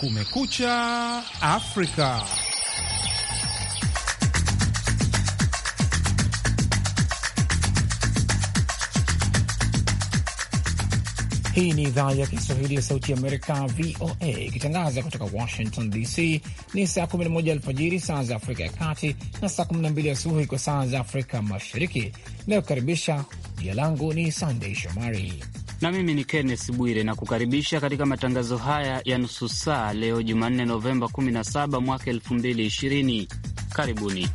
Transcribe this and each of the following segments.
Kumekucha Afrika. Hii ni idhaa ya Kiswahili ya Sauti ya Amerika, VOA, ikitangaza kutoka Washington DC. Ni saa 11 alfajiri saa za Afrika ya Kati na saa 12 asubuhi kwa saa za Afrika Mashariki. Inayokaribisha, jina langu ni Sandei Shomari na mimi ni Kenneth Bwire na kukaribisha katika matangazo haya ya nusu saa leo Jumanne, Novemba 17 mwaka 2020. Karibuni.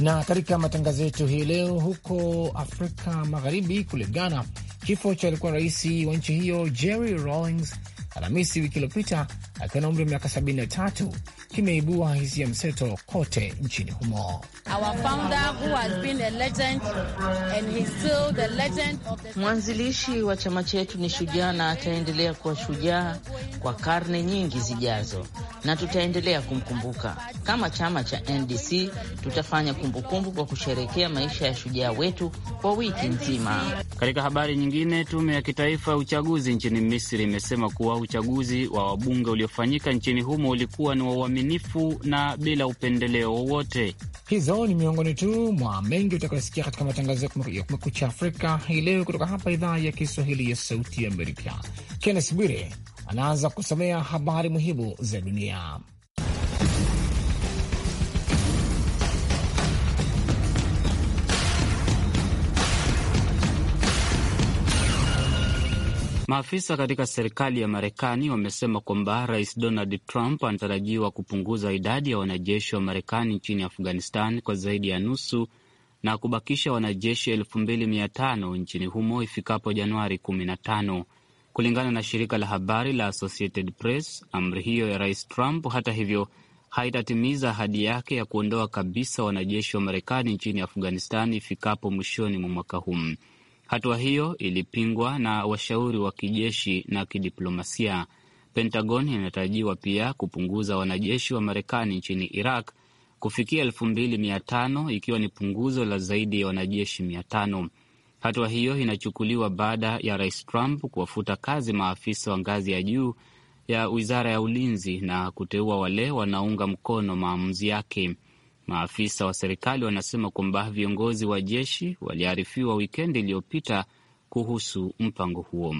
Na katika matangazo yetu hii leo, huko Afrika Magharibi kule Ghana, kifo cha alikuwa rais wa nchi hiyo Jerry Rawlings Alhamisi wiki iliyopita akiwa na umri wa miaka 73 kimeibua hisia mseto kote nchini humo. Mwanzilishi wa chama chetu ni shujaa na ataendelea kuwa shujaa kwa karne nyingi zijazo, na tutaendelea kumkumbuka. Kama chama cha NDC tutafanya kumbukumbu kwa kusherekea maisha ya shujaa wetu kwa wiki nzima. Katika habari nyingine, tume ya kitaifa ya uchaguzi nchini Misri imesema kuwa uchaguzi wa wabunge uliofanyika nchini humo ulikuwa ni wa uaminifu uaminifu na bila upendeleo wowote. Hizo ni miongoni tu mwa mengi utakayosikia katika matangazo ya Kumekucha Afrika hii leo kutoka hapa idhaa ya Kiswahili ya Sauti ya Amerika. Kennes Bwire anaanza kusomea habari muhimu za dunia. Maafisa katika serikali ya Marekani wamesema kwamba Rais Donald Trump anatarajiwa kupunguza idadi ya wanajeshi wa Marekani nchini Afghanistan kwa zaidi ya nusu na kubakisha wanajeshi elfu mbili mia tano nchini humo ifikapo Januari 15. Kulingana na shirika la habari la Associated Press, amri hiyo ya Rais Trump hata hivyo haitatimiza ahadi yake ya kuondoa kabisa wanajeshi wa Marekani nchini Afghanistan ifikapo mwishoni mwa mwaka huu. Hatua hiyo ilipingwa na washauri wa kijeshi na kidiplomasia. Pentagon inatarajiwa pia kupunguza wanajeshi wa Marekani nchini Iraq kufikia elfu mbili mia tano ikiwa ni punguzo la zaidi ya wanajeshi mia tano. Hatua hiyo inachukuliwa baada ya rais Trump kuwafuta kazi maafisa wa ngazi ya juu ya wizara ya ulinzi na kuteua wale wanaunga mkono maamuzi yake. Maafisa wa serikali wanasema kwamba viongozi wa jeshi waliarifiwa wikendi iliyopita kuhusu mpango huo.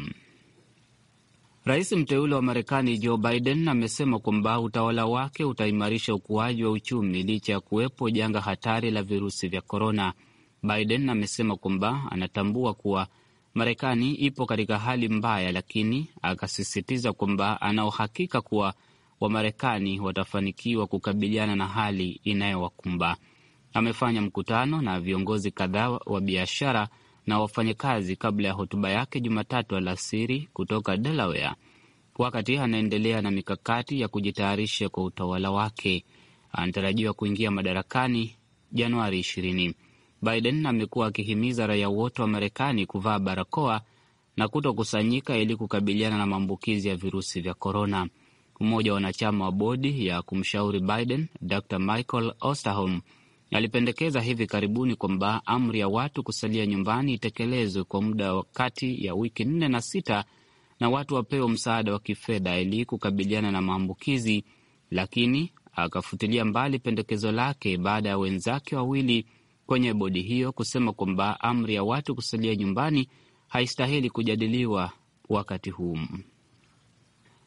Rais mteule wa Marekani Joe Biden amesema kwamba utawala wake utaimarisha ukuaji wa uchumi licha ya kuwepo janga hatari la virusi vya korona. Biden amesema kwamba anatambua kuwa Marekani ipo katika hali mbaya, lakini akasisitiza kwamba ana uhakika kuwa Wamarekani watafanikiwa kukabiliana na hali inayowakumba. Amefanya mkutano na viongozi kadhaa wa biashara na wafanyakazi kabla ya hotuba yake Jumatatu alasiri kutoka Delaware, wakati anaendelea na mikakati ya kujitayarisha kwa utawala wake. Anatarajiwa kuingia madarakani Januari 20. Biden amekuwa akihimiza raia wote wa Marekani kuvaa barakoa na kutokusanyika ili kukabiliana na maambukizi ya virusi vya korona mmoja wa wanachama wa bodi ya kumshauri Biden, Dr Michael Osterholm alipendekeza hivi karibuni kwamba amri ya watu kusalia nyumbani itekelezwe kwa muda wa kati ya wiki nne na sita na watu wapewe msaada wa kifedha ili kukabiliana na maambukizi, lakini akafutilia mbali pendekezo lake baada ya wenzake wawili kwenye bodi hiyo kusema kwamba amri ya watu kusalia nyumbani haistahili kujadiliwa wakati huu.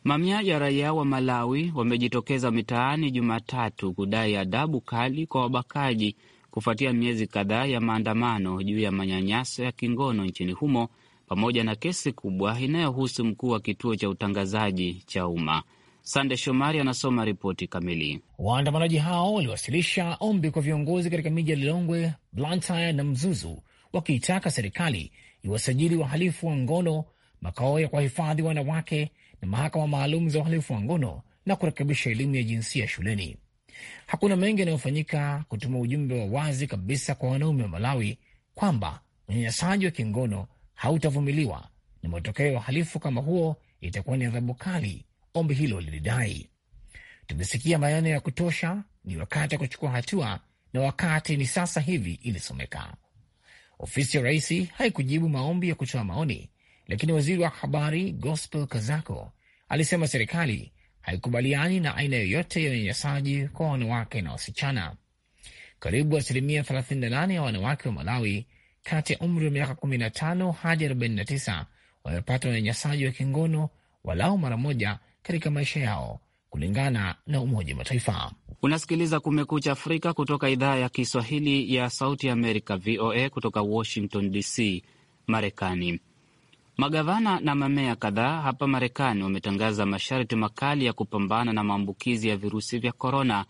Mamia ya raia wa Malawi wamejitokeza mitaani Jumatatu kudai adhabu kali kwa wabakaji kufuatia miezi kadhaa ya maandamano juu ya manyanyaso ya kingono nchini humo pamoja na kesi kubwa inayohusu mkuu wa kituo cha utangazaji cha umma. Sande Shomari anasoma ripoti kamili. Waandamanaji hao waliwasilisha ombi kwa viongozi katika miji ya Lilongwe, Blantyre na Mzuzu wakiitaka serikali iwasajili wahalifu wa ngono makao ya kuwahifadhi wanawake na mahakama maalum za uhalifu wa ngono na kurekebisha elimu ya jinsia shuleni. Hakuna mengi yanayofanyika kutuma ujumbe wa wazi kabisa kwa wanaume wa Malawi kwamba unyanyasaji wa kingono hautavumiliwa na matokeo ya uhalifu kama huo itakuwa ni adhabu kali, ombi hilo lilidai. Tumesikia maneno ya kutosha, ni wakati wa kuchukua hatua na wakati ni sasa hivi, ilisomeka. Ofisi ya rais haikujibu maombi ya kutoa maoni lakini waziri wa habari Gospel Kazako alisema serikali haikubaliani na aina yoyote ya unyanyasaji kwa wanawake na wasichana. Karibu asilimia 38 ya wanawake wa Malawi kati ya umri wa miaka 15 hadi 49 wamepata unyanyasaji wa kingono walau mara moja katika maisha yao kulingana na Umoja wa Mataifa. Unasikiliza Kumekucha Afrika kutoka idhaa ya Kiswahili ya Sauti ya Amerika, VOA, kutoka Washington DC, Marekani. Magavana na mamea kadhaa hapa Marekani wametangaza masharti makali ya kupambana na maambukizi ya virusi vya korona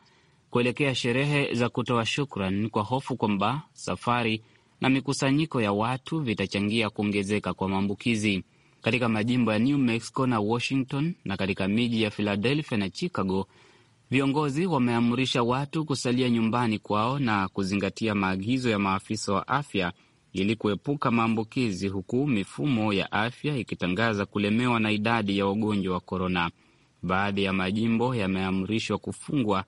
kuelekea sherehe za kutoa shukran kwa hofu kwamba safari na mikusanyiko ya watu vitachangia kuongezeka kwa maambukizi katika majimbo ya New Mexico na Washington na katika miji ya Philadelphia na Chicago. Viongozi wameamrisha watu kusalia nyumbani kwao na kuzingatia maagizo ya maafisa wa afya ili kuepuka maambukizi, huku mifumo ya afya ikitangaza kulemewa na idadi ya wagonjwa wa korona. Baadhi ya majimbo yameamrishwa kufungwa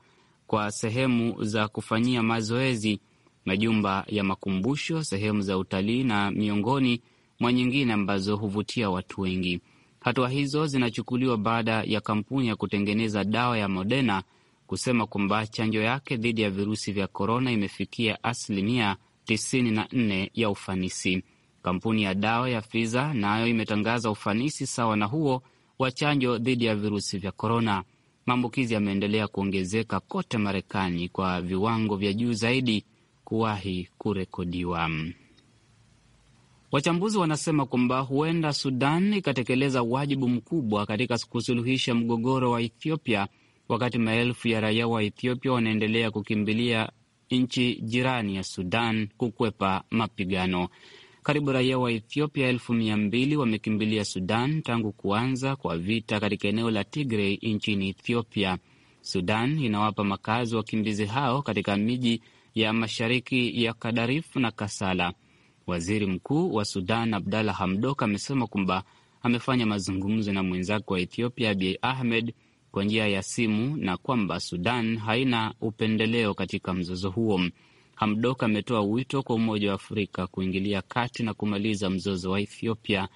kwa sehemu za kufanyia mazoezi, majumba ya makumbusho, sehemu za utalii na miongoni mwa nyingine ambazo huvutia watu wengi. Hatua hizo zinachukuliwa baada ya kampuni ya kutengeneza dawa ya Moderna kusema kwamba chanjo yake dhidi ya virusi vya korona imefikia asilimia 94 ya ufanisi. Kampuni ya dawa ya Pfizer nayo imetangaza ufanisi sawa na huo wa chanjo dhidi ya virusi vya korona. Maambukizi yameendelea kuongezeka kote Marekani kwa viwango vya juu zaidi kuwahi kurekodiwa. Wachambuzi wanasema kwamba huenda Sudan ikatekeleza wajibu mkubwa katika kusuluhisha mgogoro wa Ethiopia, wakati maelfu ya raia wa Ethiopia wanaendelea kukimbilia nchi jirani ya Sudan kukwepa mapigano. Karibu raia wa Ethiopia elfu mia mbili wamekimbilia Sudan tangu kuanza kwa vita katika eneo la Tigrey nchini Ethiopia. Sudan inawapa makazi wakimbizi hao katika miji ya mashariki ya Kadarif na Kasala. Waziri Mkuu wa Sudan Abdalla Hamdok amesema kwamba amefanya mazungumzo na mwenzake wa Ethiopia Abiy Ahmed kwa njia ya simu na kwamba Sudan haina upendeleo katika mzozo huo. Hamdok ametoa wito kwa Umoja wa Afrika kuingilia kati na kumaliza mzozo wa Ethiopia.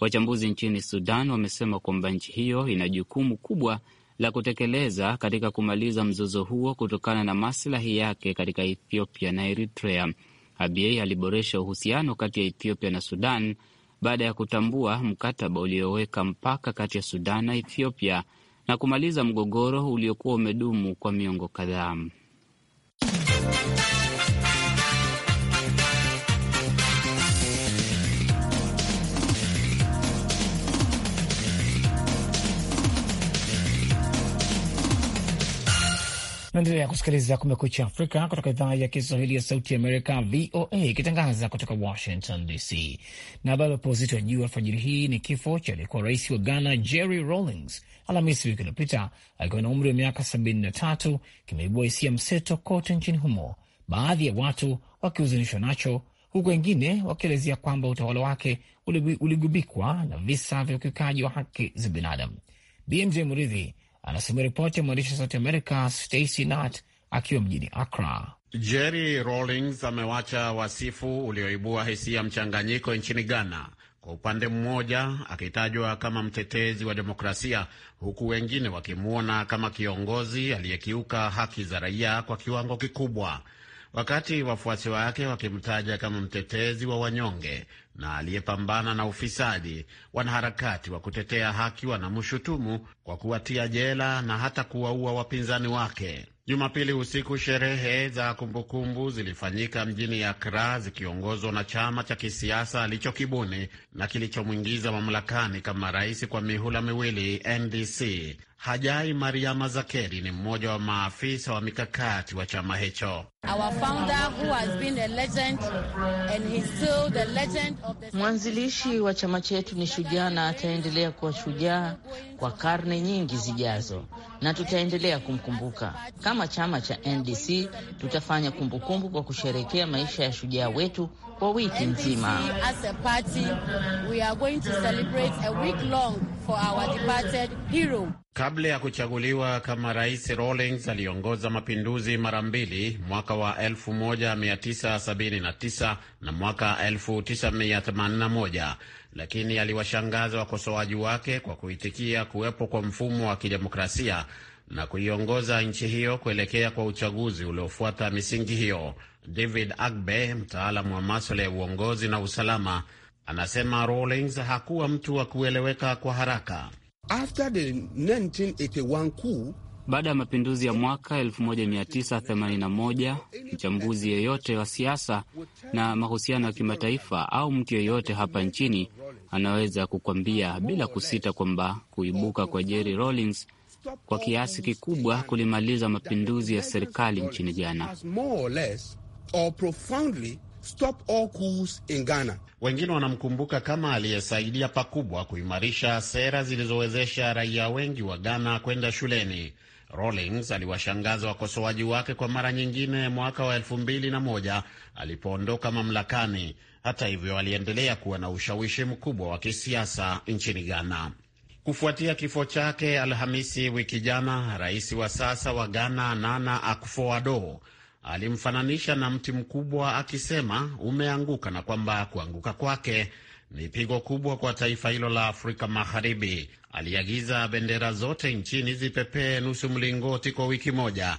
Wachambuzi nchini Sudan wamesema kwamba nchi hiyo ina jukumu kubwa la kutekeleza katika kumaliza mzozo huo kutokana na maslahi yake katika Ethiopia na Eritrea. Abiy aliboresha uhusiano kati ya Ethiopia na Sudan baada ya kutambua mkataba ulioweka mpaka kati ya Sudan na Ethiopia na kumaliza mgogoro uliokuwa umedumu kwa miongo kadhaa. Naendelea kusikiliza Kumekucha Afrika kutoka idhaa ya Kiswahili ya Sauti Amerika, VOA, ikitangaza kutoka Washington DC. Na habari wapo uzito wa juu alfajiri hii ni kifo cha aliyekuwa rais wa Ghana Jerry Rawlings Alhamisi wiki iliyopita, akiwa na umri wa miaka 73. Kimeibua hisia mseto kote nchini humo, baadhi ya watu wakihuzunishwa nacho, huku wengine wakielezea kwamba utawala wake uligubikwa na visa vya ukiukaji wa haki za binadamu. BMJ Muridhi anasema ripoti ya mwandishi wa Sauti Amerika Stacy Nat akiwa mjini Accra. Jerry Rawlings amewacha wasifu ulioibua hisia mchanganyiko nchini Ghana, kwa upande mmoja akitajwa kama mtetezi wa demokrasia, huku wengine wakimwona kama kiongozi aliyekiuka haki za raia kwa kiwango kikubwa wakati wafuasi wake wakimtaja kama mtetezi wa wanyonge na aliyepambana na ufisadi. Wanaharakati wa kutetea haki wanamshutumu kwa kuwatia jela na hata kuwaua wapinzani wake. Jumapili usiku sherehe za kumbukumbu zilifanyika mjini Akra zikiongozwa na chama cha kisiasa alichokibuni na kilichomwingiza mamlakani kama rais kwa mihula miwili NDC Hajai Mariama Zakeri ni mmoja wa maafisa wa mikakati wa chama hicho. Mwanzilishi wa chama chetu ni shujaa na ataendelea kuwa shujaa kwa karne nyingi zijazo, na tutaendelea kumkumbuka. Kama chama cha NDC tutafanya kumbukumbu kwa kusherekea maisha ya shujaa wetu kwa wiki nzima. Kabla ya kuchaguliwa kama rais, Rawlings aliongoza mapinduzi mara mbili mwaka wa 1979 na mwaka 1981, lakini aliwashangaza wakosoaji wake kwa kuitikia kuwepo kwa mfumo wa kidemokrasia na kuiongoza nchi hiyo kuelekea kwa uchaguzi uliofuata misingi hiyo. David Agbe, mtaalamu wa maswala ya uongozi na usalama, anasema Rawlings hakuwa mtu wa kueleweka kwa haraka. After the 1981 coup, baada ya mapinduzi ya mwaka 1981, mchambuzi yeyote wa siasa na mahusiano ya kimataifa au mtu yeyote hapa nchini anaweza kukwambia bila kusita kwamba kuibuka kwa Jerry Rawlings kwa kiasi kikubwa kulimaliza mapinduzi ya serikali nchini Ghana. Wengine wanamkumbuka kama aliyesaidia pakubwa kuimarisha sera zilizowezesha raia wengi wa Ghana kwenda shuleni. Rawlings aliwashangaza wakosoaji wake kwa mara nyingine mwaka wa elfu mbili na moja alipoondoka mamlakani. Hata hivyo, aliendelea kuwa na ushawishi mkubwa wa kisiasa nchini Ghana. Kufuatia kifo chake Alhamisi wiki jana, rais wa sasa wa Ghana Nana Akufo-Addo alimfananisha na mti mkubwa akisema umeanguka na kwamba kuanguka kwake ni pigo kubwa kwa taifa hilo la Afrika Magharibi. Aliagiza bendera zote nchini zipepee nusu mlingoti kwa wiki moja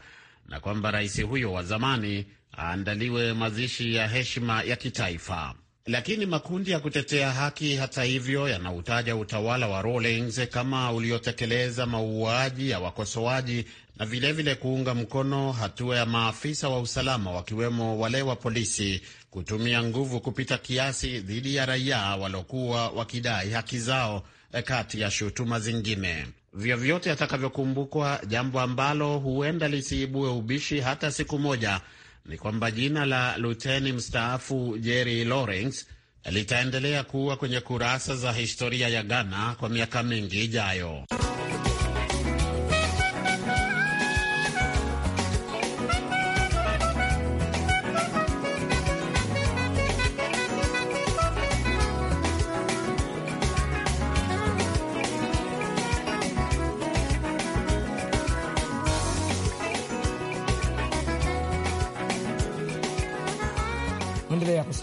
na kwamba rais huyo wa zamani aandaliwe mazishi ya heshima ya kitaifa. Lakini makundi ya kutetea haki, hata hivyo, yanautaja utawala wa Rawlings kama uliotekeleza mauaji ya wakosoaji na vilevile vile kuunga mkono hatua ya maafisa wa usalama wakiwemo wale wa polisi kutumia nguvu kupita kiasi dhidi ya raia waliokuwa wakidai haki zao, e, kati ya shutuma zingine. Vyovyote atakavyokumbukwa, jambo ambalo huenda lisiibue ubishi hata siku moja ni kwamba jina la luteni mstaafu Jerry Lawrence litaendelea kuwa kwenye kurasa za historia ya Ghana kwa miaka mingi ijayo.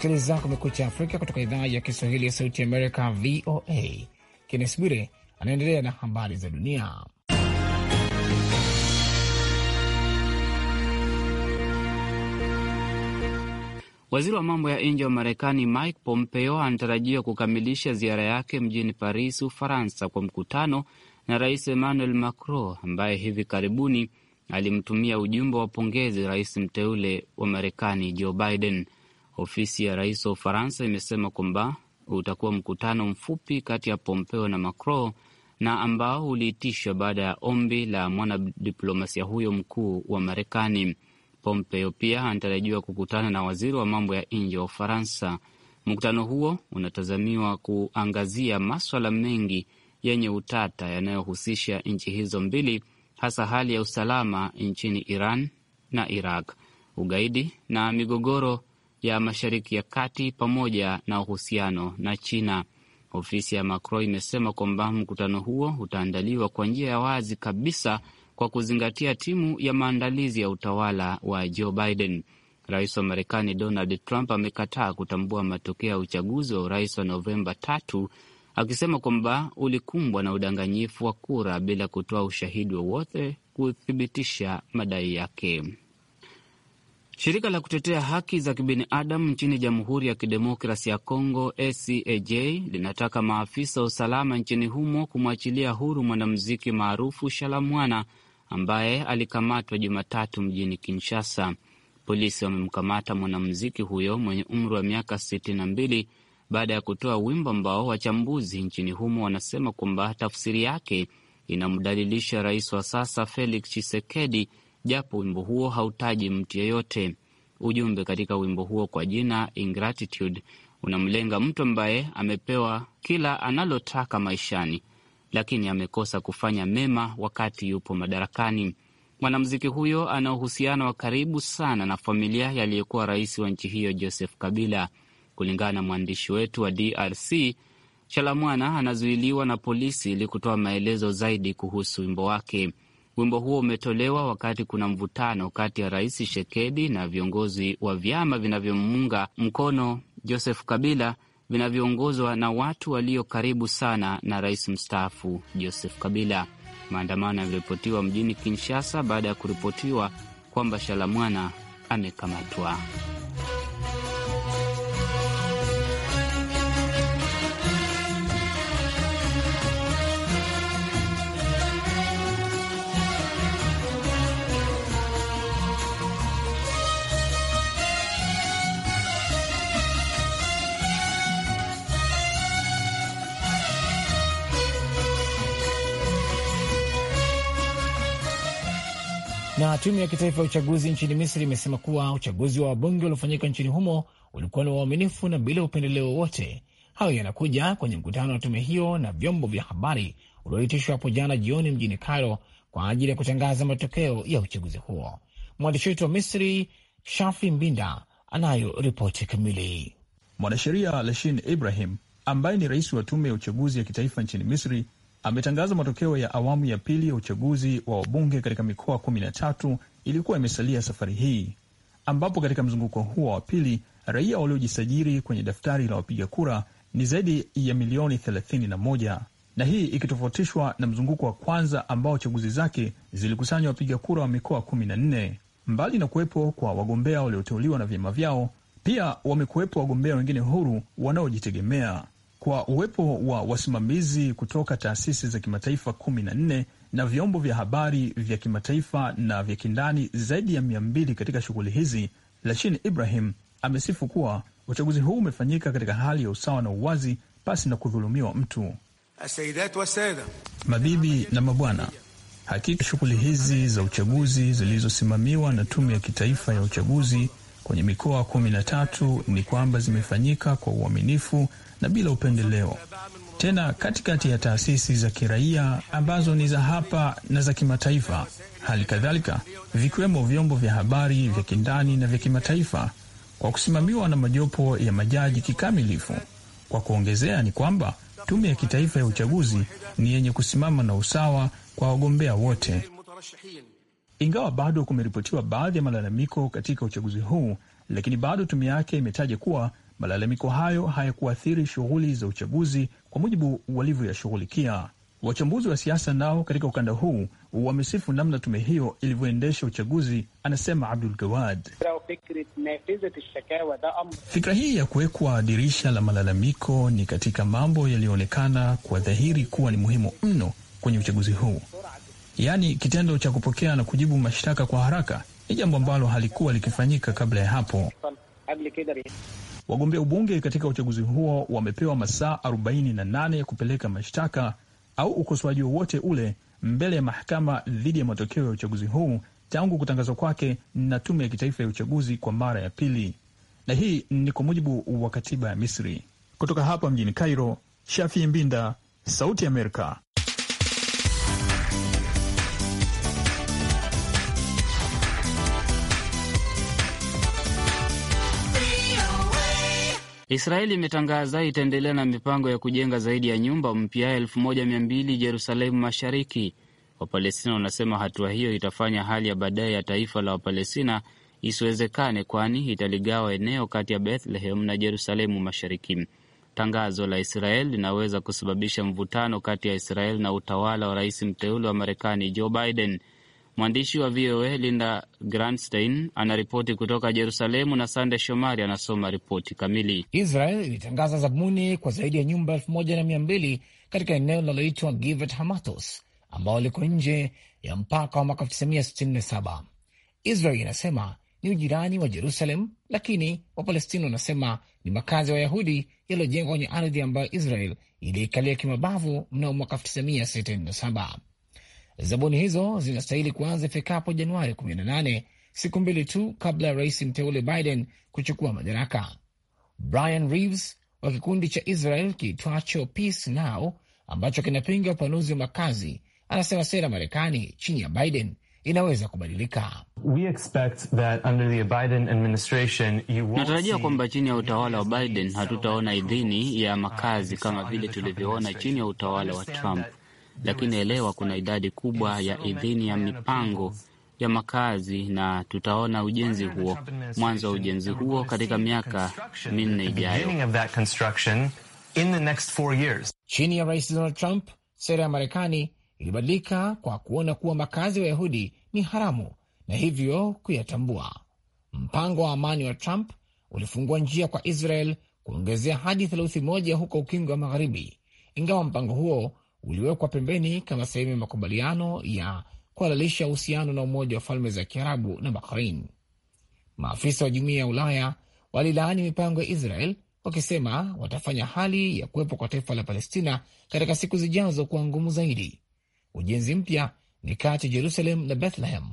unasikiliza Kumekucha Afrika kutoka idhaa ya Kiswahili ya Sauti Amerika, VOA. Kennes Bwire anaendelea na habari za dunia. Waziri wa mambo ya nje wa Marekani Mike Pompeo anatarajiwa kukamilisha ziara yake mjini Paris, Ufaransa, kwa mkutano na Rais Emmanuel Macron ambaye hivi karibuni alimtumia ujumbe wa pongezi rais mteule wa Marekani Joe Biden. Ofisi ya rais wa Ufaransa imesema kwamba utakuwa mkutano mfupi kati ya Pompeo na Macron na ambao uliitishwa baada ya ombi la mwanadiplomasia huyo mkuu wa Marekani. Pompeo pia anatarajiwa kukutana na waziri wa mambo ya nje wa Ufaransa. Mkutano huo unatazamiwa kuangazia maswala mengi yenye utata yanayohusisha nchi hizo mbili, hasa hali ya usalama nchini Iran na Iraq, ugaidi na migogoro ya Mashariki ya Kati pamoja na uhusiano na China. Ofisi ya Macron imesema kwamba mkutano huo utaandaliwa kwa njia ya wazi kabisa kwa kuzingatia timu ya maandalizi ya utawala wa Joe Biden. Rais wa Marekani Donald Trump amekataa kutambua matokeo ya uchaguzi wa urais wa Novemba tatu, akisema kwamba ulikumbwa na udanganyifu wa kura bila kutoa ushahidi wowote kuthibitisha madai yake. Shirika la kutetea haki za kibinadamu nchini Jamhuri ya Kidemokrasi ya Kongo, ACAJ, linataka maafisa wa usalama nchini humo kumwachilia huru mwanamuziki maarufu Shalamwana ambaye alikamatwa Jumatatu mjini Kinshasa. Polisi wamemkamata mwanamuziki huyo mwenye umri wa miaka 62 baada ya kutoa wimbo ambao wachambuzi nchini humo wanasema kwamba tafsiri yake inamdalilisha rais wa sasa Felix chisekedi japo wimbo huo hautaji mtu yeyote. Ujumbe katika wimbo huo kwa jina Ingratitude unamlenga mtu ambaye amepewa kila analotaka maishani, lakini amekosa kufanya mema wakati yupo madarakani. Mwanamuziki huyo ana uhusiano wa karibu sana na familia yaliyekuwa rais wa nchi hiyo Joseph Kabila. Kulingana na mwandishi wetu wa DRC, Shalamwana anazuiliwa na polisi ili kutoa maelezo zaidi kuhusu wimbo wake. Wimbo huo umetolewa wakati kuna mvutano kati ya rais shekedi na viongozi wa vyama vinavyomuunga mkono Joseph Kabila vinavyoongozwa na watu walio karibu sana na rais mstaafu Joseph Kabila. Maandamano yaliripotiwa mjini Kinshasa baada ya kuripotiwa kwamba Shalamwana amekamatwa. Na tume ya kitaifa ya uchaguzi nchini Misri imesema kuwa uchaguzi wa wabunge uliofanyika nchini humo ulikuwa na uaminifu na bila upendeleo wowote. Hayo yanakuja kwenye mkutano wa tume hiyo na vyombo vya habari ulioitishwa hapo jana jioni mjini Cairo kwa ajili ya kutangaza matokeo ya uchaguzi huo. Mwandishi wetu wa Misri Shafi Mbinda anayo ripoti kamili. Mwanasheria Lashin Ibrahim ambaye ni rais wa tume ya uchaguzi ya kitaifa nchini Misri ametangaza matokeo ya awamu ya pili ya uchaguzi wa wabunge katika mikoa kumi na tatu imesalia safari hii, ambapo katika mzunguko huo wa pili raia waliojisajili kwenye daftari la wapiga kura ni zaidi ya milioni 31 na hii ikitofautishwa na mzunguko wa kwanza ambao chaguzi zake zilikusanya wapiga kura wa mikoa 14. Mbali na kuwepo kwa wagombea walioteuliwa na vyama vyao, pia wamekuwepo wagombea wengine huru wanaojitegemea kwa uwepo wa wasimamizi kutoka taasisi za kimataifa kumi na nne na vyombo vya habari vya kimataifa na vya kindani zaidi ya mia mbili katika shughuli hizi, Lashin Ibrahim amesifu kuwa uchaguzi huu umefanyika katika hali ya usawa na uwazi pasi na kudhulumiwa mtu. Mabibi na mabwana, hakika shughuli hizi za uchaguzi zilizosimamiwa na Tume ya Kitaifa ya Uchaguzi kwenye mikoa kumi na tatu ni kwamba zimefanyika kwa uaminifu na bila upendeleo, tena katikati ya taasisi za kiraia ambazo ni za hapa na za kimataifa, hali kadhalika vikiwemo vyombo vya habari vya kindani na vya kimataifa, kwa kusimamiwa na majopo ya majaji kikamilifu. Kwa kuongezea, ni kwamba tume ya kitaifa ya uchaguzi ni yenye kusimama na usawa kwa wagombea wote. Ingawa bado kumeripotiwa baadhi ya malalamiko katika uchaguzi huu, lakini bado tume yake imetaja kuwa malalamiko hayo hayakuathiri shughuli za uchaguzi kwa mujibu walivyoyashughulikia. Wachambuzi wa siasa nao katika ukanda huu wamesifu namna tume hiyo ilivyoendesha uchaguzi, anasema Abdul Gawad. Fikra hii ya kuwekwa dirisha la malalamiko ni katika mambo yaliyoonekana kwa dhahiri kuwa ni muhimu mno kwenye uchaguzi huu yaani kitendo cha kupokea na kujibu mashtaka kwa haraka ni jambo ambalo halikuwa likifanyika kabla ya hapo. Wagombea ubunge katika uchaguzi huo wamepewa masaa 48 ya kupeleka mashtaka au ukosoaji wowote ule mbele ya mahakama dhidi ya matokeo ya uchaguzi huu tangu kutangazwa kwake na tume ya kitaifa ya uchaguzi kwa mara ya pili, na hii ni kwa mujibu wa katiba ya Misri. Kutoka hapa mjini Cairo, Shafi Mbinda, Sauti Amerika. Israeli imetangaza itaendelea na mipango ya kujenga zaidi ya nyumba mpya elfu moja mia mbili Jerusalemu Mashariki. Wapalestina wanasema hatua hiyo itafanya hali ya baadaye ya taifa la Wapalestina isiwezekane, kwani italigawa eneo kati ya Bethlehem na Jerusalemu Mashariki. Tangazo la Israel linaweza kusababisha mvutano kati ya Israel na utawala wa rais mteule wa Marekani Joe Biden. Mwandishi wa VOA Linda Grandstein anaripoti kutoka Jerusalemu na Sande Shomari anasoma ripoti kamili. Israel ilitangaza zabuni kwa zaidi ya nyumba elfu moja na mia mbili katika eneo linaloitwa Givet Hamatos ambao liko nje ya mpaka wa mwaka 1967. Israel inasema ni ujirani wa Jerusalem, lakini Wapalestina wanasema ni makazi ya Wayahudi yaliyojengwa kwenye ardhi ambayo Israel iliikalia kimabavu mnamo mwaka 1967. Zabuni hizo zinastahili kuanza ifikapo Januari 18, siku mbili tu kabla ya rais mteule Biden kuchukua madaraka. Brian Reeves wa kikundi cha Israel kiitwacho Peace Now ambacho kinapinga upanuzi wa makazi anasema sera Marekani chini ya Biden inaweza kubadilika. Tunatarajia kwamba chini ya utawala wa Biden hatutaona idhini ya makazi kama vile tulivyoona chini ya utawala wa Trump lakini elewa kuna idadi kubwa ya idhini ya mipango ya makazi na tutaona ujenzi huo, mwanzo wa ujenzi huo katika miaka minne ijayo. Chini ya Rais Donald Trump, sera ya Marekani ilibadilika kwa kuona kuwa makazi ya wa Wayahudi ni haramu na hivyo kuyatambua. Mpango wa amani wa Trump ulifungua njia kwa Israel kuongezea hadi theluthi moja huko Ukingo wa Magharibi, ingawa mpango huo uliwekwa pembeni kama sehemu ya makubaliano ya kuhalalisha uhusiano na Umoja wa Falme za Kiarabu na Bahrain. Maafisa wa Jumuiya ya Ulaya walilaani mipango ya Israel wakisema watafanya hali ya kuwepo kwa taifa la Palestina katika siku zijazo kuwa ngumu zaidi. Ujenzi mpya ni kati ya Jerusalem na Bethlehem,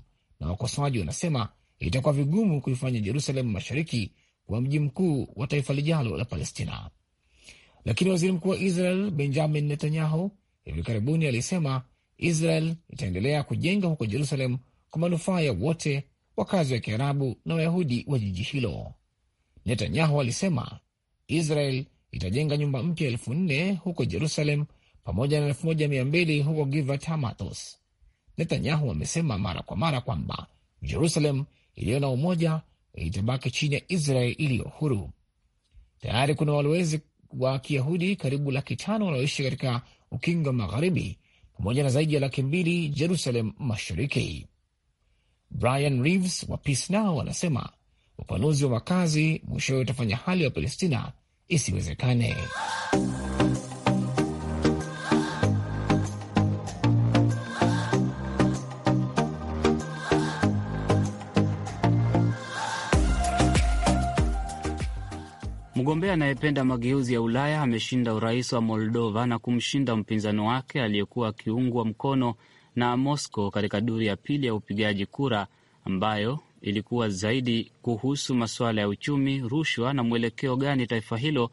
na wakosoaji wanasema itakuwa vigumu kuifanya Jerusalem mashariki kuwa mji mkuu wa taifa lijalo la Palestina. Lakini waziri mkuu wa Israel Benjamin Netanyahu hivi karibuni alisema Israel itaendelea kujenga huko Jerusalem kwa manufaa ya wote, wakazi wa Kiarabu na Wayahudi wa jiji hilo. Netanyahu alisema Israel itajenga nyumba mpya elfu nne huko Jerusalem pamoja na elfu moja mia mbili huko Givat Hamatos. Netanyahu amesema mara kwa mara kwamba Jerusalem iliyo na umoja itabaki chini ya Israel iliyo huru. Tayari kuna walowezi wa Kiyahudi karibu laki tano wanaoishi katika ukingo magharibi, pamoja na zaidi ya laki mbili Jerusalem mashariki. Brian Reeves wa Peace Now anasema upanuzi wa makazi mwishowe utafanya hali ya Palestina isiwezekane. Mgombea anayependa mageuzi ya Ulaya ameshinda urais wa Moldova na kumshinda mpinzani wake aliyekuwa akiungwa mkono na Moscow katika duru ya pili ya upigaji kura ambayo ilikuwa zaidi kuhusu masuala ya uchumi, rushwa na mwelekeo gani taifa hilo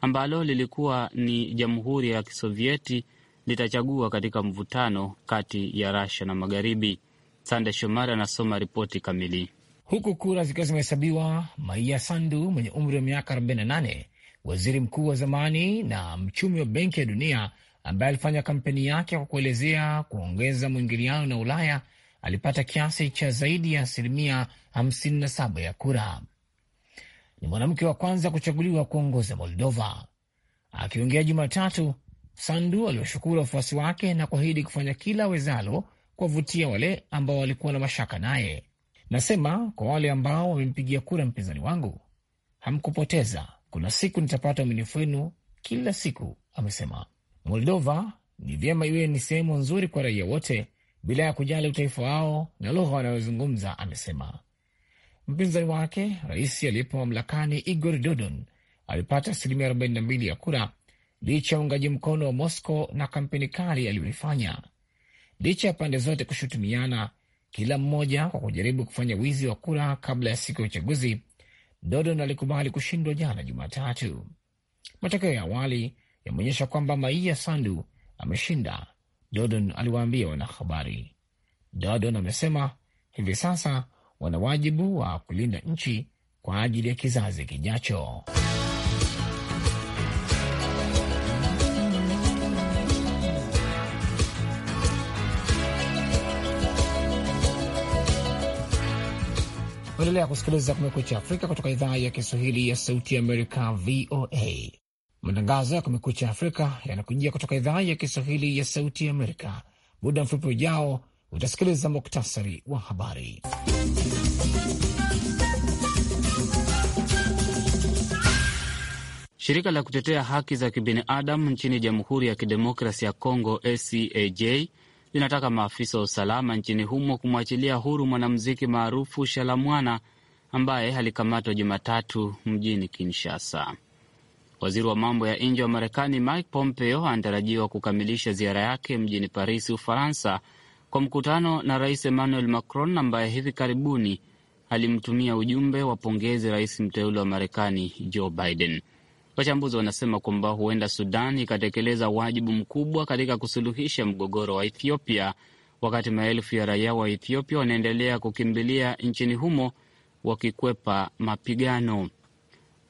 ambalo lilikuwa ni jamhuri ya Kisovieti litachagua katika mvutano kati ya rasha na Magharibi. Sande Shomari anasoma ripoti kamili huku kura zikiwa zimehesabiwa. Maia Sandu mwenye umri wa miaka 48, waziri mkuu wa zamani na mchumi wa Benki ya Dunia ambaye alifanya kampeni yake kwa kuelezea kuongeza mwingiliano na Ulaya, alipata kiasi cha zaidi ya asilimia 57 ya kura. Ni mwanamke wa kwanza kuchaguliwa kuongoza Moldova. Akiongea Jumatatu, Sandu aliwashukuru wafuasi wake na kuahidi kufanya kila wezalo kuwavutia wale ambao walikuwa na mashaka naye. Nasema kwa wale ambao wamempigia kura mpinzani wangu, hamkupoteza. Kuna siku nitapata uaminifu wenu kila siku, amesema. Moldova ni vyema iwe ni sehemu nzuri kwa raia wote bila ya kujali utaifa wao na lugha wanayozungumza, amesema. Mpinzani wake rais aliyepo mamlakani Igor Dodon alipata asilimia 42 ya kura licha ya uungaji mkono wa Moscow na kampeni kali aliyoifanya, licha ya pande zote kushutumiana kila mmoja kwa kujaribu kufanya wizi wa kura kabla ya siku ya uchaguzi. Dodon alikubali kushindwa jana Jumatatu. Matokeo ya awali yameonyesha kwamba Maia Sandu ameshinda, Dodon aliwaambia wanahabari. Dodon amesema hivi sasa wana wajibu wa kulinda nchi kwa ajili ya kizazi kijacho. Unaendelea kusikiliza Kumekucha Afrika kutoka idhaa ya Kiswahili ya Sauti ya Amerika, VOA. Matangazo ya Kumekucha Afrika yanakujia kutoka idhaa ya Kiswahili ya Sauti ya Amerika. Muda mfupi ujao utasikiliza muktasari wa habari. Shirika la kutetea haki za kibinadamu nchini Jamhuri ya Kidemokrasi ya Kongo, acaj linataka maafisa wa usalama nchini humo kumwachilia huru mwanamuziki maarufu Shalamwana ambaye alikamatwa Jumatatu mjini Kinshasa. Waziri wa mambo ya nje wa Marekani Mike Pompeo anatarajiwa kukamilisha ziara yake mjini Paris, Ufaransa, kwa mkutano na Rais Emmanuel Macron ambaye hivi karibuni alimtumia ujumbe wa pongezi rais mteule wa Marekani Joe Biden. Wachambuzi wanasema kwamba huenda Sudan ikatekeleza wajibu mkubwa katika kusuluhisha mgogoro wa Ethiopia, wakati maelfu ya raia wa Ethiopia wanaendelea kukimbilia nchini humo wakikwepa mapigano.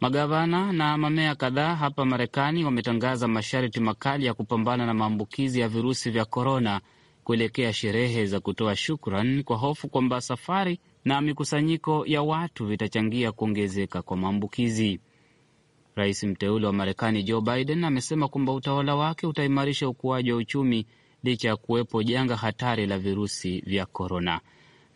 Magavana na mamea kadhaa hapa Marekani wametangaza masharti makali ya kupambana na maambukizi ya virusi vya korona kuelekea sherehe za kutoa shukran kwa hofu kwamba safari na mikusanyiko ya watu vitachangia kuongezeka kwa maambukizi. Rais mteule wa Marekani Joe Biden amesema kwamba utawala wake utaimarisha ukuaji wa uchumi licha ya kuwepo janga hatari la virusi vya korona.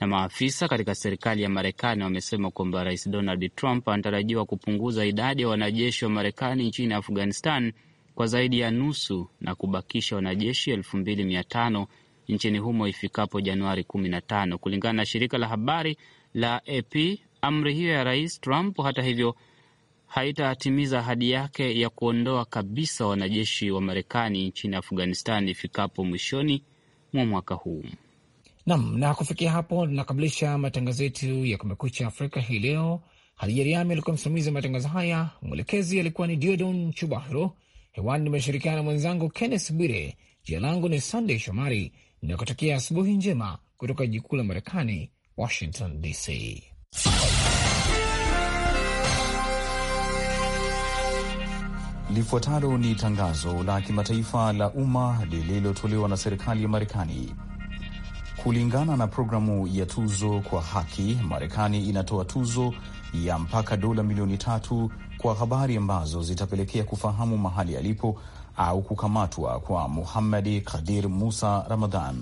Na maafisa katika serikali ya Marekani wamesema kwamba Rais Donald Trump anatarajiwa kupunguza idadi ya wanajeshi wa Marekani nchini Afghanistan kwa zaidi ya nusu na kubakisha wanajeshi elfu mbili mia tano nchini humo ifikapo Januari 15 kulingana na shirika la habari la AP. Amri hiyo ya Rais Trump, hata hivyo, haitatimiza ahadi yake ya kuondoa kabisa wanajeshi wa Marekani nchini Afghanistan ifikapo mwishoni mwa mwaka huu. Nam, na kufikia hapo tunakamilisha matangazo yetu ya Kumekucha Afrika hii leo. Hadija Riami alikuwa msimamizi wa matangazo haya, mwelekezi alikuwa ni Diodon Chubahiro. Hewani nimeshirikiana na mwenzangu Kennes Bwire. Jina langu ni Sandey Shomari inakotokea asubuhi njema kutoka jikuu la Marekani, Washington DC. Lifuatalo ni tangazo la kimataifa la umma lililotolewa na serikali ya Marekani. Kulingana na programu ya tuzo kwa haki, Marekani inatoa tuzo ya mpaka dola milioni tatu kwa habari ambazo zitapelekea kufahamu mahali alipo au kukamatwa kwa Muhammadi Kadir Musa Ramadhan.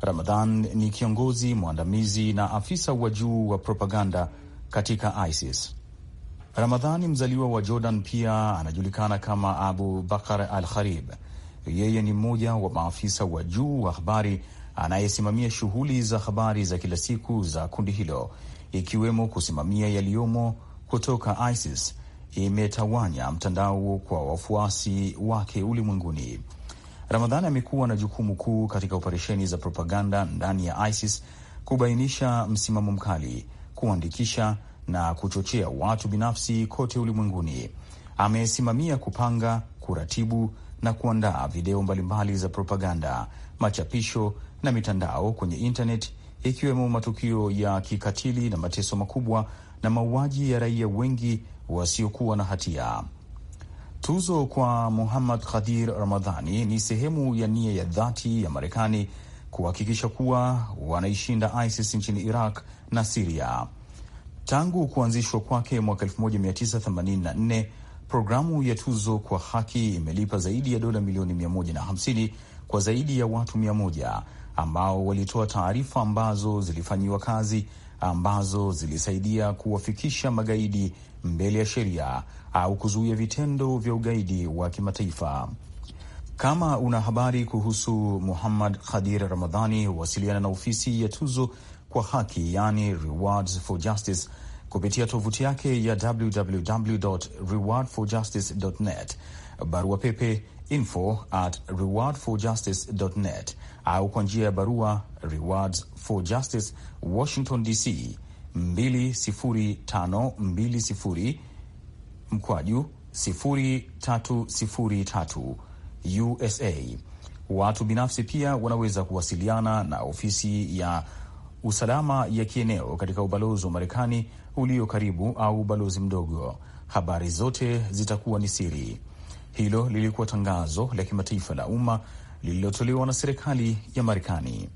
Ramadhan ni kiongozi mwandamizi na afisa wa juu wa propaganda katika ISIS. Ramadhani mzaliwa wa Jordan pia anajulikana kama Abu Bakar al Kharib. Yeye ni mmoja wa maafisa wa juu wa habari anayesimamia shughuli za habari za kila siku za kundi hilo, ikiwemo kusimamia yaliyomo kutoka ISIS imetawanya mtandao kwa wafuasi wake ulimwenguni. Ramadhani amekuwa na jukumu kuu katika operesheni za propaganda ndani ya ISIS, kubainisha msimamo mkali, kuandikisha na kuchochea watu binafsi kote ulimwenguni. Amesimamia kupanga, kuratibu na kuandaa video mbalimbali za propaganda, machapisho na mitandao kwenye intanet ikiwemo matukio ya kikatili na mateso makubwa na mauaji ya raia wengi wasiokuwa na hatia. Tuzo kwa Muhammad Khadir Ramadhani ni sehemu ya nia ya dhati ya Marekani kuhakikisha kuwa wanaishinda ISIS nchini Iraq na Siria. Tangu kuanzishwa kwake mwaka 1984 programu ya Tuzo kwa Haki imelipa zaidi ya dola milioni 150 kwa zaidi ya watu 100 ambao walitoa taarifa ambazo zilifanyiwa kazi ambazo zilisaidia kuwafikisha magaidi mbele ya sheria au kuzuia vitendo vya ugaidi wa kimataifa. Kama una habari kuhusu Muhammad Khadir Ramadhani, wasiliana na ofisi ya Tuzo kwa Haki, yani Rewards for Justice kupitia tovuti yake ya www net, barua pepe info at rewardforjustice net au kwa njia ya barua rewards for justice Washington DC 20520 mkwaju 3 USA. Watu binafsi pia wanaweza kuwasiliana na ofisi ya usalama ya kieneo katika ubalozi wa Marekani ulio karibu au ubalozi mdogo. Habari zote zitakuwa ni siri. Hilo lilikuwa tangazo la kimataifa la umma lililotolewa na serikali ya Marekani.